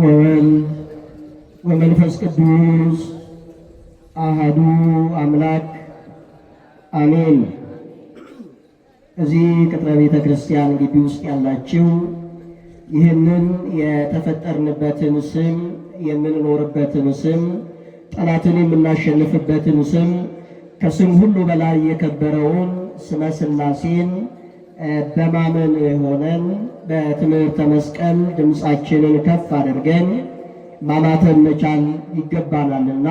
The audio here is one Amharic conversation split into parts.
ወወልድ ወመንፈስ ቅዱስ አሃዱ አምላክ አሜን። እዚህ ቅጥረ ቤተ ክርስቲያን ግቢ ውስጥ ያላችሁ ይህንን የተፈጠርንበትን ስም የምንኖርበትን ስም ጠላትን የምናሸንፍበትን ስም ከስም ሁሉ በላይ የከበረውን ስመ ሥላሴን በማመን የሆነን በትምህርተ መስቀል ድምፃችንን ከፍ አድርገን ማማተን መቻል ይገባናልና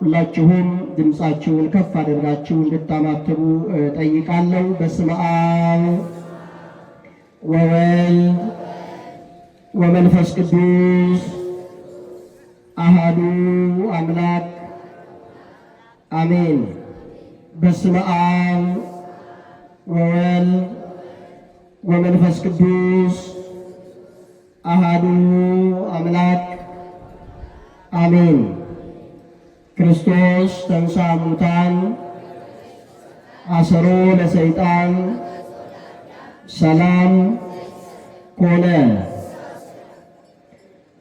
ሁላችሁም ድምፃችሁን ከፍ አድርጋችሁ እንድታማትሩ ጠይቃለሁ። በስመ አብ ወወልድ ወመንፈስ ቅዱስ አሃዱ አምላክ አሜን። በስመ አብ ወወልድ ወመንፈስ ቅዱስ አሃዱ አምላክ አሜን። ክርስቶስ ተንሥአ እሙታን አሰሮ ለሰይጣን ሰላም ኮነ።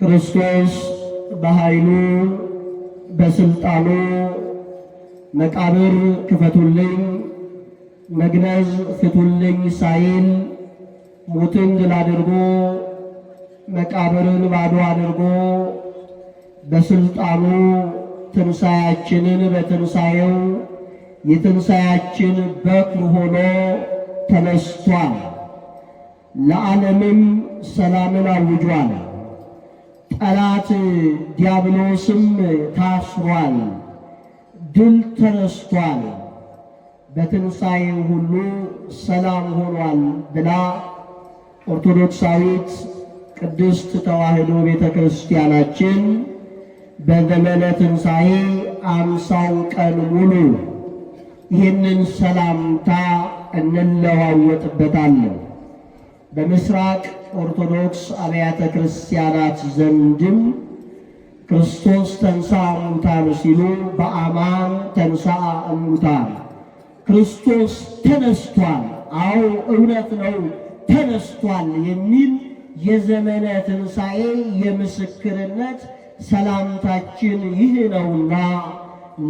ክርስቶስ በኃይሉ በስልጣኑ መቃብር ክፈቱልኝ መግነዝ ፍቱልኝ ሳይል ሙትን ድል አድርጎ መቃብርን ባዶ አድርጎ በስልጣኑ ትንሣያችንን በትንሣኤው የትንሣያችን በኩር ሆኖ ተነስቷል። ለዓለምም ሰላምን አውጇል። ጠላት ዲያብሎስም ታስሯል። ድል ተነስቷል። በትንሣኤው ሁሉ ሰላም ሆኗል ብላ ኦርቶዶክሳዊት ቅድስት ተዋሕዶ ቤተ ክርስቲያናችን በዘመነ ትንሣኤ አምሳው ቀን ሙሉ ይህንን ሰላምታ እንለዋወጥበታለን። በምስራቅ ኦርቶዶክስ አብያተ ክርስቲያናት ዘንድም ክርስቶስ ተንሳ እሙታን ሲሉ በአማን ተንሳ እሙታን ክርስቶስ ተነስቷል፣ አዎ እውነት ነው ተነስቷል የሚል የዘመነ ትንሣኤ የምስክርነት ሰላምታችን ይህ ነውና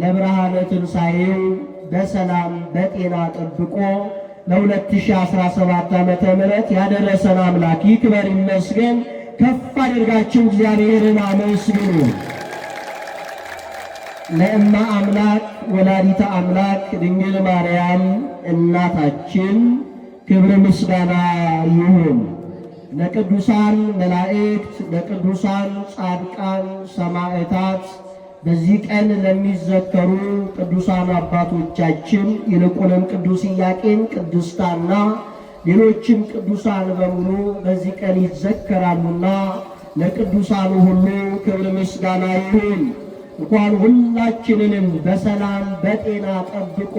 ለብርሃነ ትንሣኤው በሰላም በጤና ጠብቆ ለ2017 ዓመተ ምሕረት ያደረሰን አምላክ ይክበር ይመስገን። ከፍ አድርጋችሁ እግዚአብሔርን አመስግኑ። ለእማ አምላክ ወላዲተ አምላክ ድንግል ማርያም እናታችን ክብር ምስጋና ይሁን ለቅዱሳን መላእክት፣ ለቅዱሳን ጻድቃን ሰማዕታት፣ በዚህ ቀን ለሚዘከሩ ቅዱሳን አባቶቻችን ይልቁንም ቅዱስ ኢያቄም፣ ቅድስታና ሌሎችም ቅዱሳን በሙሉ በዚህ ቀን ይዘከራሉና ለቅዱሳኑ ሁሉ ክብር ምስጋና ይሁን። እንኳን ሁላችንንም በሰላም በጤና ጠብቆ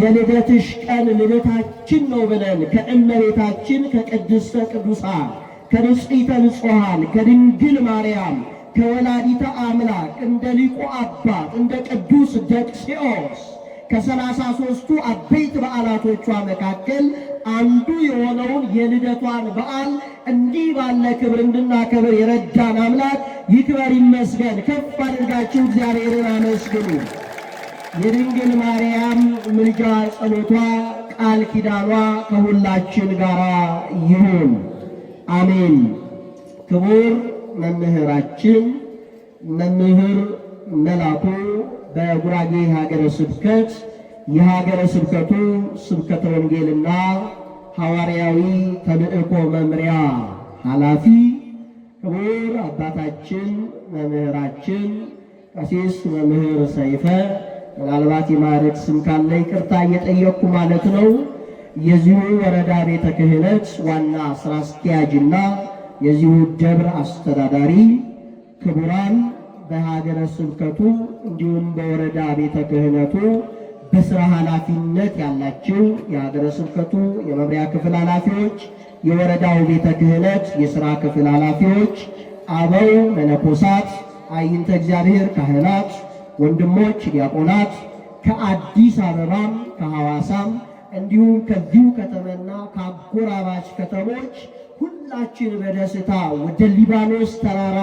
የልደትሽ ቀን ልደታችን ነው ብለን ከእመቤታችን ከቅድስተ ቅዱሳን ከንጽሕተ ንጹሐን ከድንግል ማርያም ከወላዲተ አምላክ እንደ ሊቁ አባት እንደ ቅዱስ ደቅሲኦስ ከሰላሳ ሦስቱ አበይት በዓላቶቿ መካከል አንዱ የሆነውን የልደቷን በዓል እንዲህ ባለ ክብር እንድናከብር የረዳን አምላክ ይክበር ይመስገን። ከፍ አድርጋችሁ እግዚአብሔርን አመስግኑ። የድንግል ማርያም ምልጃ ጸሎቷ፣ ቃል ኪዳኗ ከሁላችን ጋር ይሁን፣ አሜን። ክቡር መምህራችን መምህር መላኩ በጉራጌ ሀገረ ስብከት የሀገረ ስብከቱ ስብከተ ወንጌልና ሐዋርያዊ ተልእኮ መምሪያ ኃላፊ ክቡር አባታችን መምህራችን ቀሲስ መምህር ሰይፈ ምናልባት የማዕረግ ስም ካለ ይቅርታ እየጠየቅኩ ማለት ነው። የዚሁ ወረዳ ቤተ ክህነት ዋና ስራ አስኪያጅና የዚሁ ደብር አስተዳዳሪ ክቡራን በሀገረ ስብከቱ እንዲሁም በወረዳ ቤተ ክህነቱ በስራ ኃላፊነት ያላቸው የሀገረ ስብከቱ የመምሪያ ክፍል ኃላፊዎች፣ የወረዳው ቤተ ክህነት የስራ ክፍል ኃላፊዎች፣ አበው መነኮሳት፣ አይንተ እግዚአብሔር ካህናት ወንድሞች ዲያቆናት ከአዲስ አበባም ከሐዋሳም እንዲሁም ከዚሁ ከተማና ከአጎራባች ከተሞች ሁላችን በደስታ ወደ ሊባኖስ ተራራ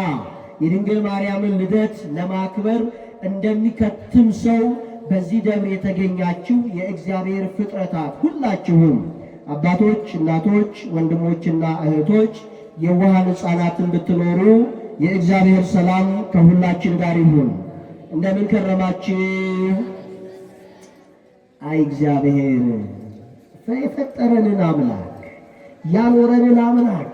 የድንግል ማርያምን ልደት ለማክበር እንደሚከትም ሰው በዚህ ደብር የተገኛችሁ የእግዚአብሔር ፍጥረታት ሁላችሁም አባቶች፣ እናቶች፣ ወንድሞችና እህቶች፣ የዋሃን ሕፃናትን ብትኖሩ የእግዚአብሔር ሰላም ከሁላችን ጋር ይሁን። እንደምን ከረማችሁ? አይ እግዚአብሔር የፈጠረንን አምላክ ያኖረንን አምላክ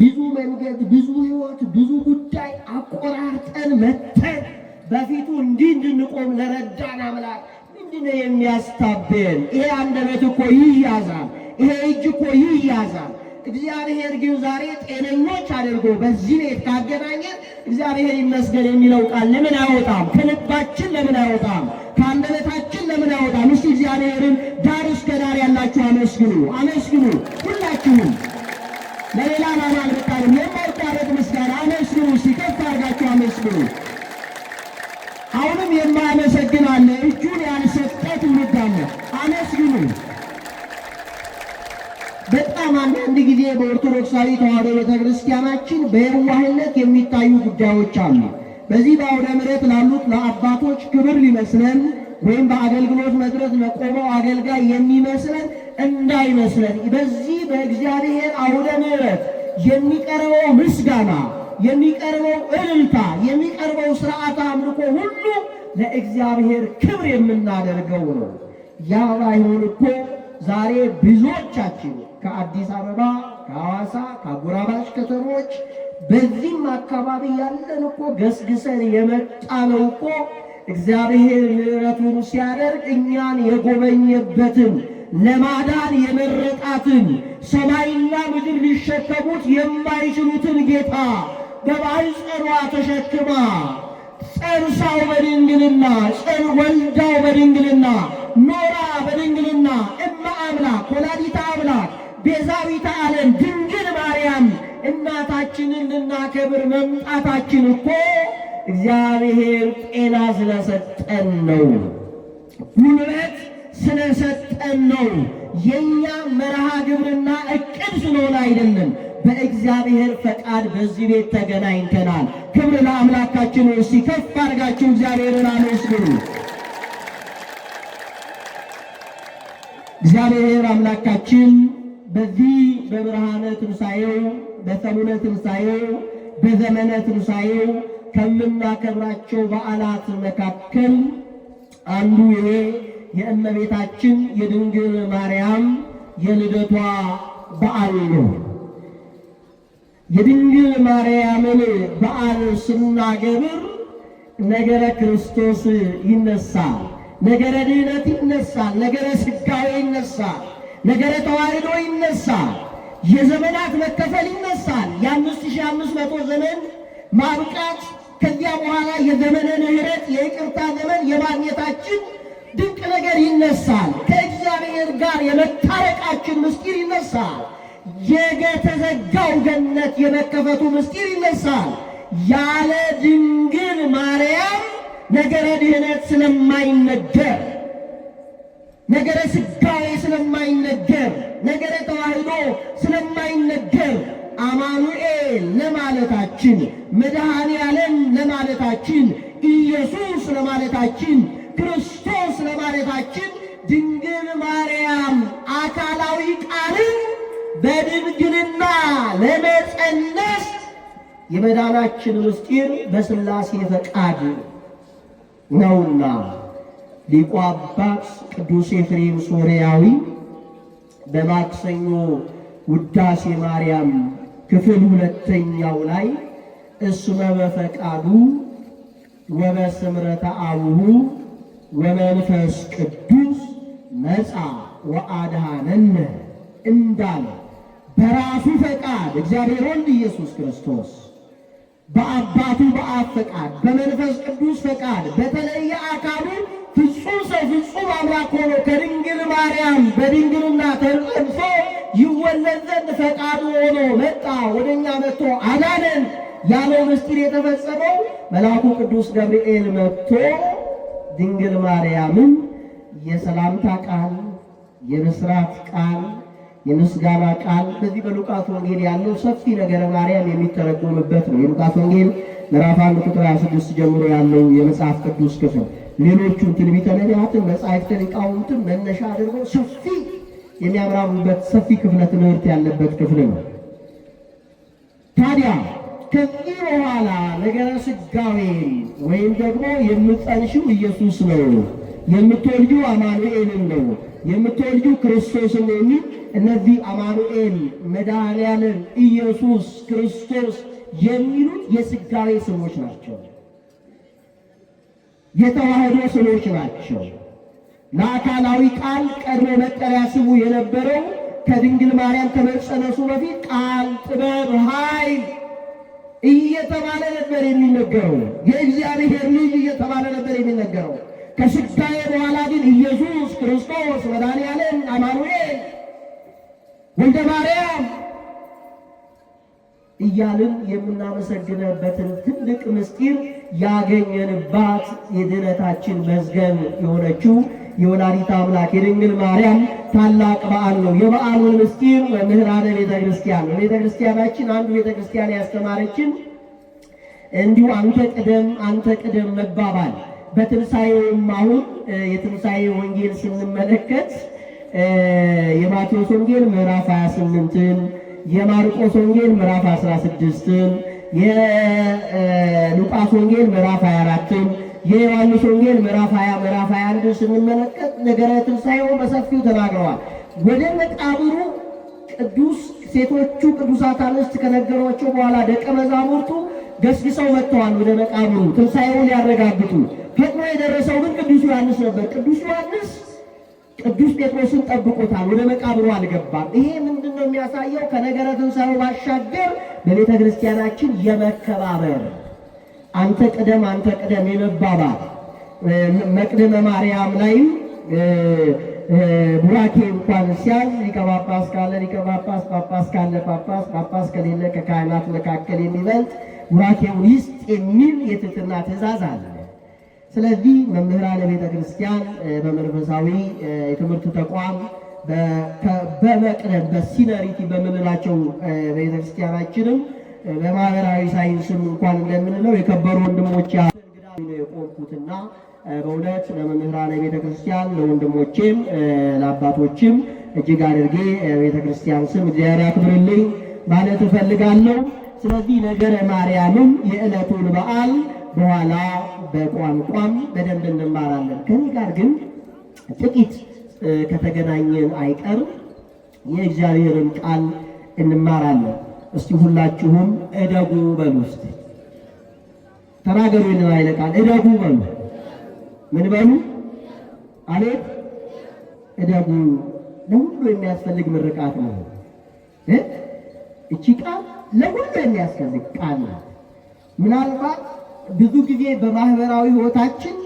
ብዙ መንገድ፣ ብዙ ህይወት ብዙ ጉዳይ አቆራርጠን መተን በፊቱ እንዲህ እንድንቆም ለረዳን አምላክ ምንድነው የሚያስታብን? ይሄ አንደበት እኮ ይያዛል። ይሄ እጅ እኮ ይያዛል። እግዚአብሔር ግን ዛሬ ጤነኞች አድርጎ በዚህ ቤት ካገናኘን እግዚአብሔር ይመስገን የሚለው ቃል ለምን አይወጣም? ከልባችን ለምን አይወጣም? ከአንደበታችን ለምን አይወጣም? እስቲ እግዚአብሔርን ዳር እስከ ዳር ያላችሁ አመስግኑ፣ አመስግኑ ሁላችሁም። ለሌላ ማማል በቃልም የማይቋረጥ ምስጋና አመስግኑ። እስቲ ከፍ አድርጋችሁ አመስግኑ። አሁንም የማያመሰግናለ እጁን ያልሰጠ ትውልድ አለ። አመስግኑ። በጣም አንዳንድ ጊዜ በኦርቶዶክሳዊ ተዋሕዶ ቤተክርስቲያናችን በየዋህነት የሚታዩ ጉዳዮች አሉ። በዚህ በአውደ ምሕረት ላሉት ለአባቶች ክብር ሊመስለን ወይም በአገልግሎት መድረክ ለቆመው አገልጋይ የሚመስለን እንዳይመስለን። በዚህ በእግዚአብሔር አውደ ምሕረት የሚቀርበው ምስጋና፣ የሚቀርበው እልልታ፣ የሚቀርበው ስርዓት አምልኮ ሁሉ ለእግዚአብሔር ክብር የምናደርገው ነው። ያ ባይሆን እኮ ዛሬ ብዙዎቻችን ከአዲስ አበባ፣ ከሐዋሳ፣ ከአጎራባች ከተሞች በዚህም አካባቢ ያለን እኮ ገስግሰን የመጣ ነው እኮ እግዚአብሔር ምሕረቱን ሲያደርግ እኛን የጎበኘበትን ለማዳን የመረጣትን ሰማይና ምድር ሊሸከሙት የማይችሉትን ጌታ በማኅፀኗ ተሸክማ ጸንሳው በድንግልና ጸን ወልዳው በድንግልና ኖራ በድንግልና እማ አምላክ ወላዲ ቤዛዊተ ዓለም ድንግል ማርያም እናታችንን ልናከብር መምጣታችን እኮ እግዚአብሔር ጤና ስለሰጠን ነው፣ ጉልበት ስለሰጠን ነው። የእኛ መርሃ ግብርና እቅድ ስለሆነ አይደለም። በእግዚአብሔር ፈቃድ በዚህ ቤት ተገናኝተናል። ክብር ለአምላካችን። እሲ ከፍ አድርጋችሁ እግዚአብሔርን አመስግኑ። እግዚአብሔር አምላካችን በዚህ በብርሃነ ትንሣኤው በሰሙነ ትንሣኤው በዘመነ ትንሣኤው ከምናከብራቸው በዓላት መካከል አንዱ ይሄ የእመቤታችን የድንግል ማርያም የልደቷ በዓል ነው። የድንግል ማርያምን በዓል ስናገብር ነገረ ክርስቶስ ይነሳል፣ ነገረ ድህነት ይነሳል፣ ነገረ ሥጋዌ ይነሳል። ነገረ ተዋሕዶ ይነሳል። የዘመናት መከፈል ይነሳል። የአምስት ሺህ አምስት መቶ ዘመን ማብቃት ከዚያ በኋላ የዘመነ ምሕረት የይቅርታ ዘመን የማግኘታችን ድንቅ ነገር ይነሳል። ከእግዚአብሔር ጋር የመታረቃችን ምስጢር ይነሳል። የተዘጋው ገነት የመከፈቱ ምስጢር ይነሳል። ያለ ድንግል ማርያም ነገረ ድህነት ስለማይነገር ነገረ ስጋዌ ስለማይነገር ነገረ ተዋህዶ ስለማይነገር አማኑኤል ለማለታችን መድኃኔ ዓለም ለማለታችን ኢየሱስ ለማለታችን ክርስቶስ ለማለታችን ድንግል ማርያም አካላዊ ቃልን በድንግልና ለመጸነስ የመዳናችን ምስጢር በሥላሴ ፈቃድ ነውና ሊቁ አባት ቅዱስ ኤፍሬም ሶርያዊ በማክሰኞ ውዳሴ ማርያም ክፍል ሁለተኛው ላይ እስመ በፈቃዱ ወበስምረተ አቡሁ ወመንፈስ ቅዱስ መጻ ወአድኀነነ እንዳለ በራሱ ፈቃድ እግዚአብሔር ወልድ ኢየሱስ ክርስቶስ በአባቱ በአብ ፈቃድ በመንፈስ ቅዱስ ፈቃድ በተለየ አካሉ ፍጹም ሰው ፍጹም አምላክ ሆኖ ከድንግል ማርያም በድንግልና ተጸንሶ ይወለድ ዘንድ ፈቃዱ ሆኖ መጣ። ወደኛ እኛ መጥቶ አዳነን ያለው ምስጢር የተፈጸመው መልአኩ ቅዱስ ገብርኤል መጥቶ ድንግል ማርያምን የሰላምታ ቃል፣ የምስራት ቃል፣ የምስጋና ቃል በዚህ በሉቃስ ወንጌል ያለው ሰፊ ነገረ ማርያም የሚተረጎምበት ነው። የሉቃስ ወንጌል ምዕራፍ አንድ ቁጥር 26 ጀምሮ ያለው የመጽሐፍ ቅዱስ ክፍል ሌሎቹ ትንቢተ ነቢያትን መጻሕፍትን ሊቃውንትን መነሻ አድርጎ ሰፊ የሚያብራሩበት ሰፊ ክፍለ ትምህርት ያለበት ክፍል ነው። ታዲያ ከዚህ በኋላ ነገረ ሥጋዌን ወይም ደግሞ የምትጸንሺው ኢየሱስ ነው፣ የምትወልጁ አማኑኤልን ነው፣ የምትወልጁ ክርስቶስን ነው የሚል እነዚህ አማኑኤል መድኃኔዓለም ኢየሱስ ክርስቶስ የሚሉ የስጋዌ ስሞች ናቸው። የተዋህዶ ስሞች ናቸው። ለአካላዊ ቃል ቀድሞ መጠሪያ ስሙ የነበረው ከድንግል ማርያም ከመጸነሱ በፊት ቃል፣ ጥበብ፣ ኃይል እየተባለ ነበር የሚነገረው። የእግዚአብሔር ልጅ እየተባለ ነበር የሚነገረው። ከስጋዬ በኋላ ግን ኢየሱስ ክርስቶስ መድኃኔ አማኑኤል ወልደ ማርያም እያልን የምናመሰግንበትን ትልቅ ምስጢር ያገኘንባት የድነታችን መዝገብ የሆነችው የወላዲተ አምላክ የድንግል ማርያም ታላቅ በዓል ነው። የበዓሉን ምስጢር መምህራነ ቤተ ክርስቲያን ነው። ቤተ ክርስቲያናችን አንዱ ቤተ ክርስቲያን ያስተማረችን እንዲሁ አንተ ቅደም አንተ ቅደም መባባል በትንሣኤውም አሁን የትንሣኤ ወንጌል ስንመለከት የማቴዎስ ወንጌል ምዕራፍ 28 የማርቆስ ወንጌል ምዕራፍ 16 የሉቃስ ወንጌል ምዕራፍ 24ን የዮሐንስ ወንጌል ምዕራፍ 20 ምዕራፍ 21 ስንመለከት ነገረ ትንሣኤውን በሰፊው ተናግረዋል። ወደ መቃብሩ ቅዱስ ሴቶቹ ቅዱሳት አንስት ከነገሯቸው በኋላ ደቀ መዛሙርቱ ገስግሰው መጥተዋል። ወደ መቃብሩ ትንሣኤውን ሊያረጋግጡ ፈጥኖ የደረሰው ግን ቅዱስ ዮሐንስ ነበር። ቅዱስ ዮሐንስ ቅዱስ ጴጥሮስን ጠብቆታል። ወደ መቃብሩ አልገባም። ይሄ ምንድን ነው የሚያሳየው? ከነገረ ትንሣኤው ባሻገር በቤተ ክርስቲያናችን የመከባበር አንተ ቅደም አንተ ቅደም የመባባል መቅደመ ማርያም ላይም ቡራኬ እንኳን ሲያዝ ሊቀ ጳጳስ ካለ ሊቀ ጳጳስ፣ ጳጳስ ካለ ጳጳስ፣ ጳጳስ ከሌለ ከካህናት መካከል የሚበልጥ ቡራኬውን ይስጥ የሚል የትትና ትእዛዝ አለ። ስለዚህ መምህራን ቤተ ክርስቲያን በመንፈሳዊ የትምህርት ተቋም በመቅደም በሲነሪቲ በምንላቸው ቤተ ክርስቲያናችንም በማህበራዊ ሳይንስም እንኳን እንደምንለው የከበሩ ወንድሞች እንግዳ ነው የቆምኩትና በእውነት ለመምህራን ቤተ ክርስቲያን ለወንድሞቼም ለአባቶችም እጅግ አድርጌ ቤተ ክርስቲያን ስም እግዚአብሔር ያክብርልኝ ማለት እፈልጋለሁ። ስለዚህ ነገረ ማርያምም የዕለቱን በዓል በኋላ በቋንቋም በደንብ እንማራለን። ከዚህ ጋር ግን ጥቂት ከተገናኘን አይቀር የእግዚአብሔርን ቃል እንማራለን። እስቲ ሁላችሁም እደጉ በሉ። ውስጥ ተናገሩ ይንን ቃል እደጉ በሉ። ምን በሉ አሌት እደጉ ለሁሉ የሚያስፈልግ ምርቃት ነው። እቺ ቃል ለሁሉ የሚያስፈልግ ቃል ናት። ምናልባት ብዙ ጊዜ በማህበራዊ ህይወታችን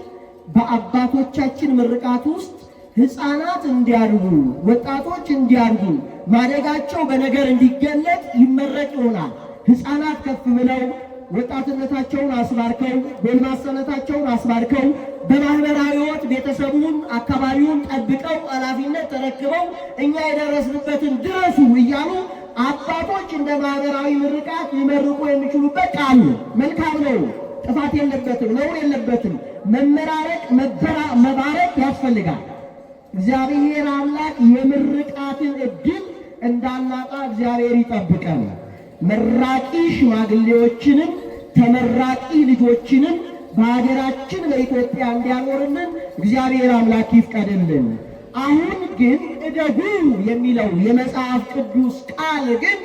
በአባቶቻችን ምርቃት ውስጥ ህፃናት እንዲያድጉ ወጣቶች እንዲያድጉ ማደጋቸው በነገር እንዲገለጥ ይመረቅ ይሆናል። ህፃናት ከፍ ብለው ወጣትነታቸውን አስባርከው ጎልማሰነታቸውን አስባርከው በማህበራዊ ህይወት ቤተሰቡን፣ አካባቢውን ጠብቀው ኃላፊነት ተረክበው እኛ የደረስንበትን ድረሱ እያሉ አባቶች እንደ ማህበራዊ ምርቃት ሊመርቁ የሚችሉበት ቃሉ መልካም ነው። ጥፋት የለበትም፣ ነውር የለበትም። መመራረቅ መባረቅ ያስፈልጋል። እግዚአብሔር አምላክ የምርቃትን እድል እንዳናጣ እግዚአብሔር ይጠብቀን። መራቂ ሽማግሌዎችንም ተመራቂ ልጆችንም በሀገራችን በኢትዮጵያ እንዲያኖርልን እግዚአብሔር አምላክ ይፍቀድልን። አሁን ግን እደጉ የሚለው የመጽሐፍ ቅዱስ ቃል ግን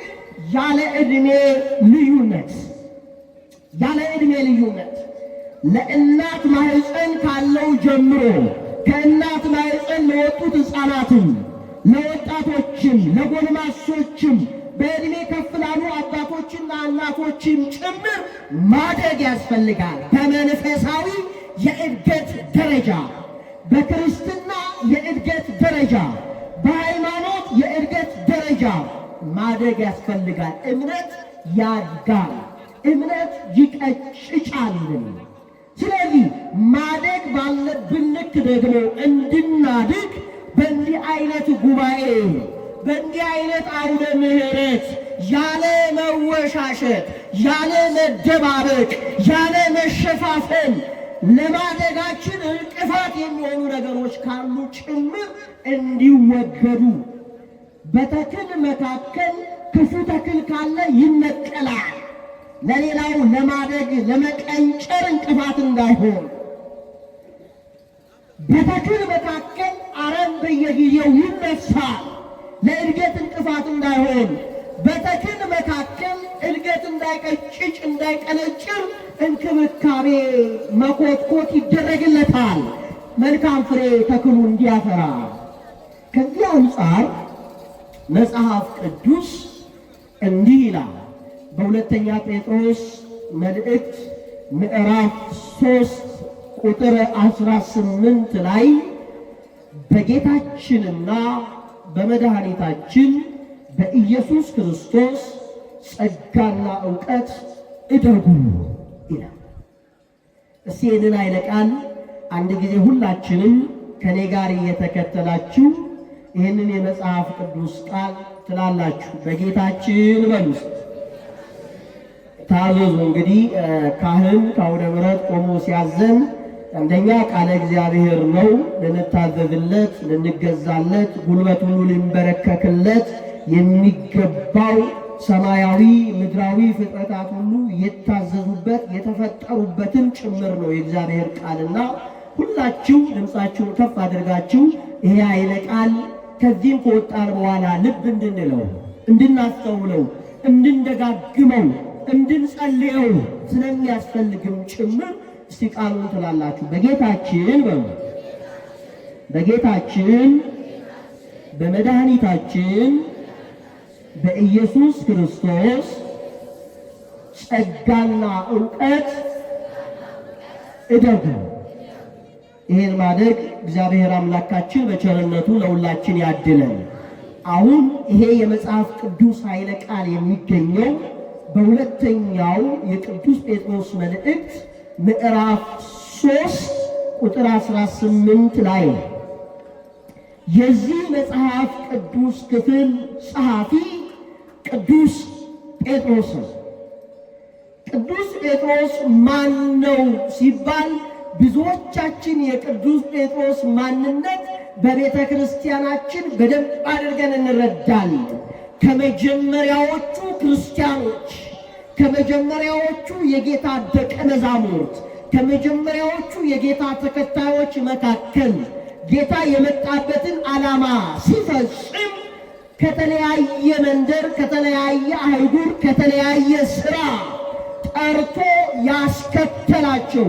ያለ ዕድሜ ልዩነት ያለ ዕድሜ ልዩነት ለእናት ማህፀን ካለው ጀምሮ ከእናት ማህፀን ለወጡት ሕፃናትም ለወጣቶችም ለጎልማሶችም በዕድሜ ከፍ ላሉ አባቶችና እናቶችም ጭምር ማደግ ያስፈልጋል። በመንፈሳዊ የእድገት ደረጃ፣ በክርስትና የእድገት ደረጃ፣ በሃይማኖት የእድገት ደረጃ ማደግ ያስፈልጋል። እምነት ያድጋል። እምነት ይቀጭጫልን። ስለዚህ ማደግ ባለብን ልክ ደግሞ እንድናድግ በእንዲህ አይነት ጉባኤ በእንዲህ አይነት አውደ ምሕረት ያለ መወሻሸት፣ ያለ መደባበቅ፣ ያለ መሸፋፈን ለማደጋችን እንቅፋት የሚሆኑ ነገሮች ካሉ ጭምር እንዲወገዱ በተክል መካከል ክፉ ተክል ካለ ይነቀላል። ለሌላው ለማደግ ለመቀንጨር እንቅፋት እንዳይሆን በተክል መካከል አረም በየጊዜው ይነሳል። ለእድገት እንቅፋት እንዳይሆን በተክል መካከል እድገት እንዳይቀጭጭ እንዳይቀነጭር እንክብካቤ መኮትኮት ይደረግለታል። መልካም ፍሬ ተክሉ እንዲያፈራ። ከዚህ አንጻር መጽሐፍ ቅዱስ እንዲህ ይላል በሁለተኛ ጴጥሮስ መልእክት ምዕራፍ ሶስት ቁጥር አስራ ስምንት ላይ በጌታችንና በመድኃኒታችን በኢየሱስ ክርስቶስ ጸጋና እውቀት እደጉ ይላል። እስቲ ይህንን ኃይለ ቃል አንድ ጊዜ ሁላችንም ከኔ ጋር እየተከተላችሁ ይህንን የመጽሐፍ ቅዱስ ቃል ትላላችሁ በጌታችን በሉስ ታዘዙ። እንግዲህ ካህን ከአውደ ምሕረት ቆሞ ሲያዘን አንደኛ ቃለ እግዚአብሔር ነው፣ ልንታዘዝለት፣ ልንገዛለት፣ ጉልበት ሁሉ ሊንበረከክለት የሚገባው ሰማያዊ ምድራዊ ፍጥረታት ሁሉ የታዘዙበት የተፈጠሩበትን ጭምር ነው የእግዚአብሔር ቃልና ሁላችሁ ድምፃችሁን ከፍ አድርጋችሁ ይሄ ኃይለ ቃል ከዚህም ከወጣን በኋላ ልብ እንድንለው፣ እንድናስተውለው፣ እንድንደጋግመው እንድንጸልየው ስለሚያስፈልግም ጭምር እስቲ ቃሉን ትላላችሁ። በጌታችን በሉ በጌታችን በመድኃኒታችን በኢየሱስ ክርስቶስ ጸጋና እውቀት እደጉ። ይህን ማድረግ እግዚአብሔር አምላካችን በቸርነቱ ለሁላችን ያድለን። አሁን ይሄ የመጽሐፍ ቅዱስ ኃይለ ቃል የሚገኘው በሁለተኛው የቅዱስ ጴጥሮስ መልእክት ምዕራፍ 3 ቁጥር 18 ላይ የዚህ መጽሐፍ ቅዱስ ክፍል ጸሐፊ ቅዱስ ጴጥሮስ ነው። ቅዱስ ጴጥሮስ ማን ነው ሲባል ብዙዎቻችን የቅዱስ ጴጥሮስ ማንነት በቤተ ክርስቲያናችን በደንብ አድርገን እንረዳል። ከመጀመሪያዎቹ ክርስቲያን ከመጀመሪያዎቹ የጌታ ደቀ መዛሙርት ከመጀመሪያዎቹ የጌታ ተከታዮች መካከል ጌታ የመጣበትን ዓላማ ሲፈጽም ከተለያየ መንደር፣ ከተለያየ አህጉር፣ ከተለያየ ሥራ ጠርቶ ያስከተላቸው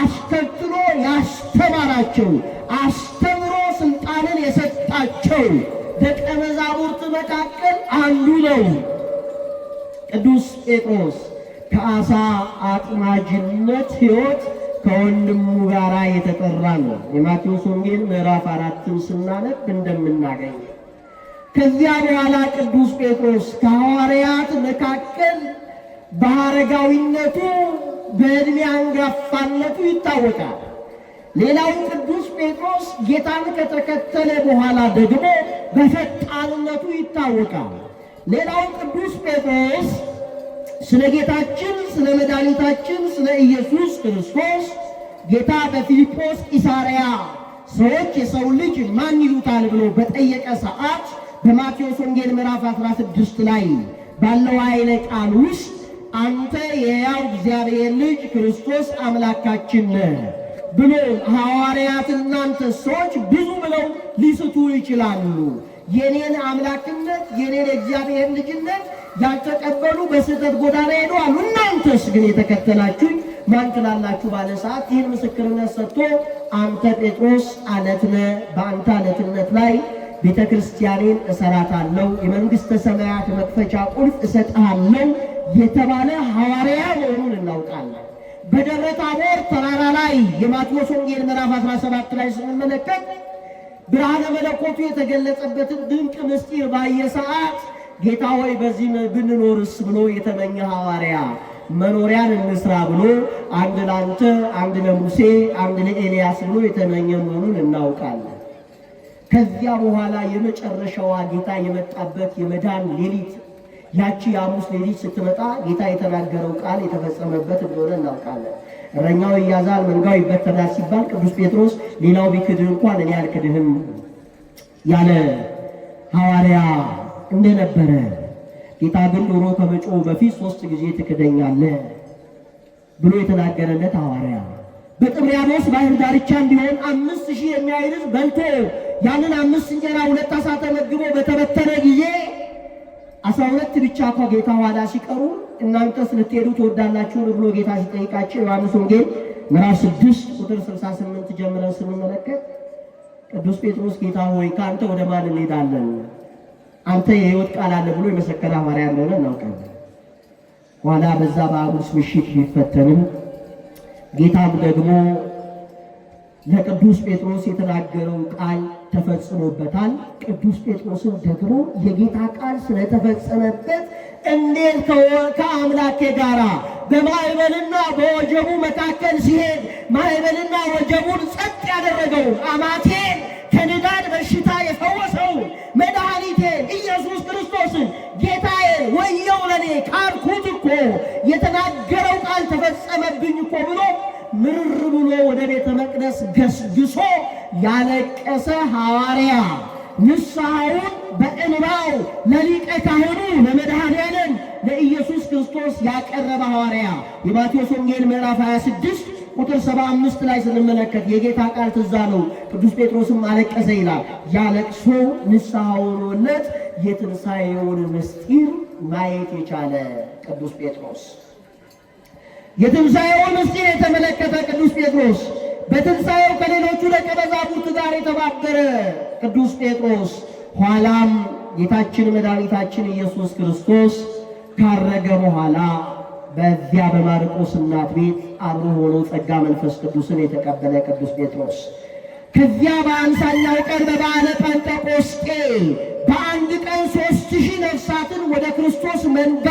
አስከትሎ ያስተማራቸው አስተምሮ ስልጣንን የሰጣቸው ደቀ መዛሙርት መካከል አንዱ ነው። ቅዱስ ጴጥሮስ ከአሳ አጥማጅነት ሕይወት ከወንድሙ ጋር የተጠራ ነው። የማቴዎስ ወንጌል ምዕራፍ አራትን ስናነብ እንደምናገኝ ከዚያ በኋላ ቅዱስ ጴጥሮስ ከሐዋርያት መካከል በአረጋዊነቱ በዕድሜ አንጋፋነቱ ይታወቃል። ሌላው ቅዱስ ጴጥሮስ ጌታን ከተከተለ በኋላ ደግሞ በፈጣንነቱ ይታወቃል። ሌላው ቅዱስ ጴጥሮስ ስለ ጌታችን ስለ መድኃኒታችን ስለ ኢየሱስ ክርስቶስ ጌታ በፊልጶስ ቂሳርያ ሰዎች የሰው ልጅ ማን ይሉታል ብሎ በጠየቀ ሰዓት በማቴዎስ ወንጌል ምዕራፍ 16 ላይ ባለው ኃይለ ቃል ውስጥ አንተ የሕያው እግዚአብሔር ልጅ ክርስቶስ አምላካችን ብሎ ሐዋርያት እናንተ ሰዎች ብዙ ብለው ሊስቱ ይችላሉ። የኔን አምላክነት የኔን እግዚአብሔር ልጅነት ያልተቀበሉ በስህተት ጎዳና ሄደዋል። እናንተስ ግን የተከተላችሁኝ ማን ትላላችሁ ባለ ሰዓት ይህን ምስክርነት ሰጥቶ አንተ ጴጥሮስ አለት ነህ፣ በአንተ አለትነት ላይ ቤተ ክርስቲያኔን እሰራታለሁ፣ የመንግሥተ ሰማያት መክፈቻ ቁልፍ እሰጥሃለሁ የተባለ ሐዋርያ መሆኑን እናውቃለን። በደብረ ታቦር ተራራ ላይ የማቴዎስ ወንጌል ምዕራፍ 17 ላይ ስንመለከት ብርሃነ መለኮቱ የተገለጸበትን ድንቅ ምስጢር ባየ ሰዓት ጌታ ሆይ በዚህ ብንኖርስ ብሎ የተመኘ ሐዋርያ መኖሪያን እንስራ ብሎ አንድ ለአንተ አንድ ለሙሴ፣ አንድ ለኤልያስ ብሎ የተመኘ መሆኑን እናውቃለን። ከዚያ በኋላ የመጨረሻዋ ጌታ የመጣበት የመዳን ሌሊት ያቺ የሐሙስ ሌሊት ስትመጣ ጌታ የተናገረው ቃል የተፈጸመበት እንደሆነ እናውቃለን። እረኛው ይያዛል፣ መንጋው ይበተናል ሲባል ቅዱስ ጴጥሮስ ሌላው ቢክድህ እንኳን እኔ አልክድህም ያለ ሐዋርያ እንደነበረ ጌታ ግን ዶሮ ከመጮ በፊት ሶስት ጊዜ ትክደኛለህ ብሎ የተናገረለት ሐዋርያ በጥብርያዶስ ባህር ዳርቻ እንዲሆን አምስት ሺህ የሚያይልን በልቶ ያንን አምስት እንጀራ ሁለት አሳ ተመግቦ በተበተነ ጊዜ አስራ ሁለት ብቻ ከጌታ ኋላ ሲቀሩ እናንተስ ልትሄዱ ትወዳላችሁን ብሎ ጌታ ሲጠይቃቸው ዮሐንስ ወንጌል ምዕራፍ ስድስት ቁጥር ስልሳ ስምንት ጀምረን ስንመለከት ቅዱስ ጴጥሮስ ጌታ ሆይ ከአንተ ወደ ማን እንሄዳለን? አንተ የህይወት ቃል አለ ብሎ የመሰከረ ሐዋርያ እንደሆነ እናውቃለን። ኋላ በዛ በሐሙስ ምሽት ቢፈተንም ጌታም ደግሞ ለቅዱስ ጴጥሮስ የተናገረው ቃል ተፈጽሞበታል። ቅዱስ ጴጥሮስን ደግሞ የጌታ ቃል ስለተፈጸመበት እንዴት ከአምላኬ ጋራ በማዕበልና በወጀቡ መካከል ሲሄድ ማዕበልና ወጀቡን ጸጥ ያደረገውን አማቴን ከንዳድ በሽታ የፈወሰው መድኃኒቴ ኢየሱስ ክርስቶስን ጌታዬ ወየው ለኔ ካልኩት እኮ የተናገረው ቃል ተፈጸመብኝ እኮ ብሎ ምርር ብሎ ወደ ቤተ መቅደስ ገስግሶ ያለቀሰ ሐዋርያ ንስሐውን በእንባው ለሊቀ ካህኑ ለመድኃኔዓለም ለኢየሱስ ክርስቶስ ያቀረበ ሐዋርያ የማቴዎስ ወንጌል ምዕራፍ 26 ቁጥር 75 ላይ ስንመለከት የጌታ ቃል ትዛ ነው። ቅዱስ ጴጥሮስም አለቀሰ ይላል። ያለቅሶ ንስሐውንነት የትንሣኤውን ምስጢር ማየት የቻለ ቅዱስ ጴጥሮስ የትንሣኤውን ምስጢር የተመለከተ ቅዱስ ጴጥሮስ በትንሣኤው ከሌሎቹ ደቀ መዛሙርት ጋር የተባበረ ቅዱስ ጴጥሮስ ኋላም ጌታችን መድኃኒታችን ኢየሱስ ክርስቶስ ካረገ በኋላ በዚያ በማርቆስ እናት ቤት አብሮ ሆኖ ጸጋ መንፈስ ቅዱስን የተቀበለ ቅዱስ ጴጥሮስ ከዚያ በአምሳኛው ቀን በበዓለ ጴንጠቆስጤ በአንድ ቀን ሦስት ሺህ ነፍሳትን ወደ ክርስቶስ መንጋ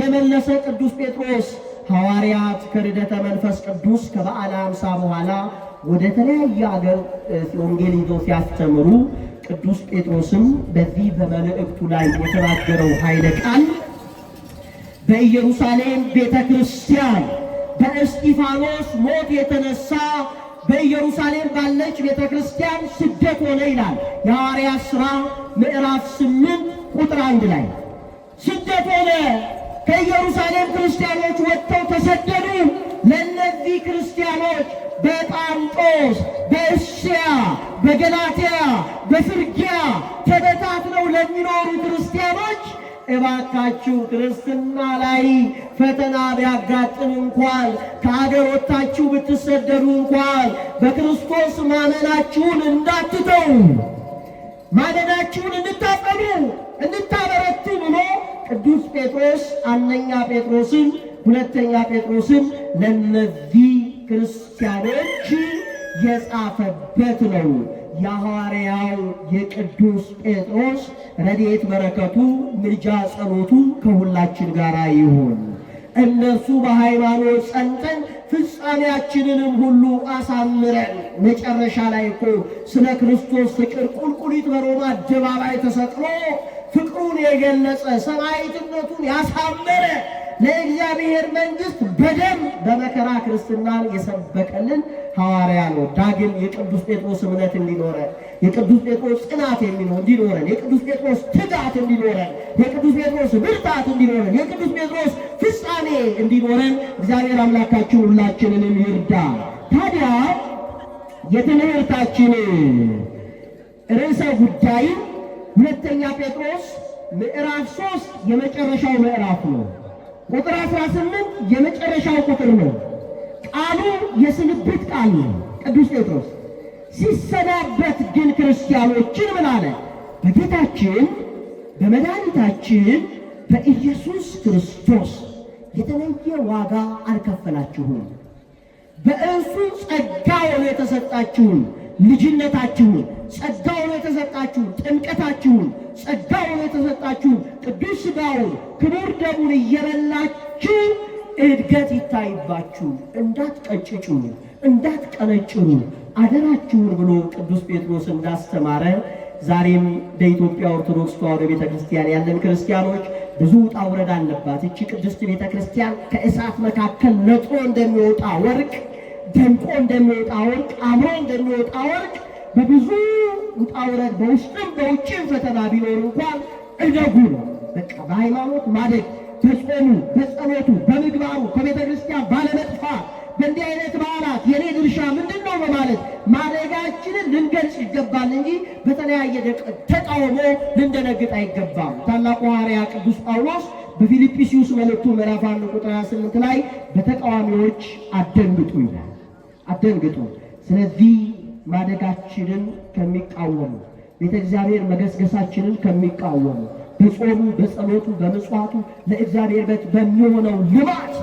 የመለሰ ቅዱስ ጴጥሮስ ሐዋርያት ከርደተ መንፈስ ቅዱስ ከበዓለ ሃምሳ በኋላ ወደ ተለያየ አገር ወንጌል ይዞ ሲያስተምሩ ቅዱስ ጴጥሮስም በዚህ በመልእክቱ ላይ የተናገረው ኃይለ ቃል በኢየሩሳሌም ቤተ ክርስቲያን በእስጢፋኖስ ሞት የተነሳ በኢየሩሳሌም ባለች ቤተ ክርስቲያን ስደት ሆነ ይላል። የሐዋርያት ሥራ ምዕራፍ ስምንት ቁጥር አንድ ላይ ስደት ሆነ ከኢየሩሳሌም ክርስቲያኖች ወጥተው ተሰደዱ። ለእነዚህ ክርስቲያኖች በጳንጦስ፣ በእስያ፣ በገላትያ፣ በፍርጊያ ተበታትነው ለሚኖሩ ክርስቲያኖች እባካችሁ ክርስትና ላይ ፈተና ቢያጋጥም እንኳን ከአገር ወጥታችሁ ብትሰደዱ እንኳን በክርስቶስ ማመናችሁን እንዳትተው፣ ማመናችሁን እንድታጸኑ እንድታበረቱ ብሎ ቅዱስ ጴጥሮስ አንደኛ ጴጥሮስን ሁለተኛ ጴጥሮስን ለነዚህ ክርስቲያኖች የጻፈበት ነው። የሐዋርያው የቅዱስ ጴጥሮስ ረድኤት በረከቱ ምልጃ ጸሎቱ ከሁላችን ጋር ይሁን። እነሱ በሃይማኖት ጸንተን ፍጻሜያችንንም ሁሉ አሳምረን መጨረሻ ላይ እኮ ስለ ክርስቶስ ፍቅር ቁልቁሊት በሮማ አደባባይ ተሰቅሎ ፍቅሩን የገለጸ ሰማዕትነቱን ያሳመረ ለእግዚአብሔር መንግሥት በደም በመከራ ክርስትናን የሰበቀልን ሐዋርያ ነው። ዳግም የቅዱስ ጴጥሮስ እምነት እንዲኖረን፣ የቅዱስ ጴጥሮስ ጽናት እንዲኖረን፣ የቅዱስ ጴጥሮስ ትጋት እንዲኖረን፣ የቅዱስ ጴጥሮስ ብርታት እንዲኖረን፣ የቅዱስ ጴጥሮስ ፍጻሜ እንዲኖረን እግዚአብሔር አምላካችን ሁላችንንም ይርዳ። ታዲያ የትምህርታችን ርዕሰ ጉዳይ ሁለተኛ ጴጥሮስ ምዕራፍ ሶስት የመጨረሻው ምዕራፍ ነው። ቁጥር 18 የመጨረሻው ቁጥር ነው። ቃሉ የስንብት ቃል ነው። ቅዱስ ጴጥሮስ ሲሰናበት ግን ክርስቲያኖችን ምን አለ? በጌታችን በመድኃኒታችን በኢየሱስ ክርስቶስ የተለየ ዋጋ አልከፈላችሁም፣ በእርሱ ጸጋ ሆኖ የተሰጣችሁን ልጅነታችሁን ጸጋ ሆኖ የተሰጣችሁን ጥምቀታችሁን ጸጋ ሆኖ የተሰጣችሁን ቅዱስ ሥጋውን ክቡር ደሙን እየበላችሁ እድገት ይታይባችሁ እንዳትቀጭጩ እንዳትቀነጭሩ አደራችሁን ብሎ ቅዱስ ጴጥሮስ እንዳስተማረ ዛሬም በኢትዮጵያ ኦርቶዶክስ ተዋሕዶ ቤተ ክርስቲያን ያለን ክርስቲያኖች ብዙ ውጣ ውረድ አለባት። እቺ ቅድስት ቤተ ክርስቲያን ከእሳት መካከል ነጥሮ እንደሚወጣ ወርቅ ደምቆ እንደሚወጣ ወርቅ አብሮ እንደሚወጣ ወርቅ በብዙ ውጣ ውረድ በውስጥም በውጭም ፈተና ቢኖር እንኳን እደጉ ነው። በቃ በሃይማኖት ማደግ በጾሙ በጸሎቱ በምግባሩ ከቤተ ክርስቲያን ባለመጥፋ በእንዲህ አይነት በዓላት የኔ ድርሻ ምንድን ነው በማለት ማደጋችንን ልንገልጽ ይገባል እንጂ በተለያየ ተቃውሞ ልንደነግጥ አይገባም። ታላቁ ሐዋርያ ቅዱስ ጳውሎስ በፊልጵስዩስ መልእክቱ ምዕራፍ አንድ ቁጥር 28 ላይ በተቃዋሚዎች አትደንግጡ ይላል። አደንግጡ ስለዚህ ማደጋችንን ከሚቃወሙ ቤተ እግዚአብሔር መገስገሳችንን ከሚቃወሙ በጾሙ በጸሎቱ በምጽዋቱ ለእግዚአብሔር ቤት በሚሆነው ልማት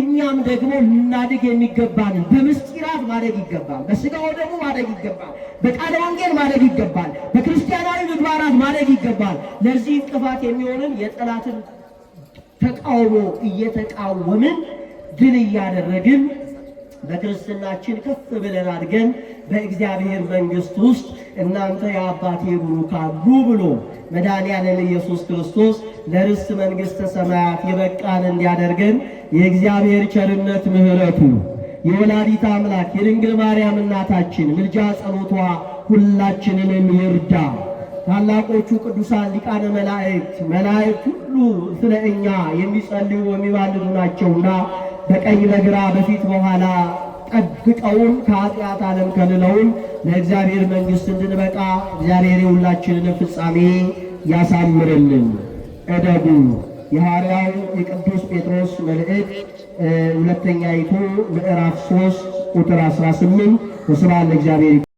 እኛም ደግሞ ልናድግ የሚገባንን በምስጢራት ማደግ ይገባል። በስጋ ወደሙ ማደግ ይገባል። በቃለ ወንጌል ማደግ ይገባል። በክርስቲያናዊ ምግባራት ማደግ ይገባል። ለዚህ እንቅፋት የሚሆንን የጠላትን ተቃውሞ እየተቃወምን ድል እያደረግን በክርስትናችን ከፍ ብለን አድገን በእግዚአብሔር መንግሥት ውስጥ እናንተ የአባቴ ቡሩካን ሁሉ ብሎ መድኃኔዓለም ኢየሱስ ክርስቶስ ለርስት መንግሥተ ሰማያት የበቃን እንዲያደርገን የእግዚአብሔር ቸርነት ምሕረቱ የወላዲት አምላክ የድንግል ማርያም እናታችን ምልጃ ጸሎቷ ሁላችንንም ይርዳ። ታላቆቹ ቅዱሳን ሊቃነ መላእክት መላእክት ሁሉ ስለ እኛ የሚጸልዩ የሚባልሉ ናቸውና በቀኝ በግራ በፊት በኋላ ጠብቀውን ከኃጢአት ዓለም ከልለውን ለእግዚአብሔር መንግሥት እንድንበቃ እግዚአብሔር የሁላችንንም ፍጻሜ ያሳምርልን። እደጉ። የሐዋርያው የቅዱስ ጴጥሮስ መልእክት ሁለተኛይቱ ምዕራፍ 3 ቁጥር 18 ወስብሐት ለእግዚአብሔር።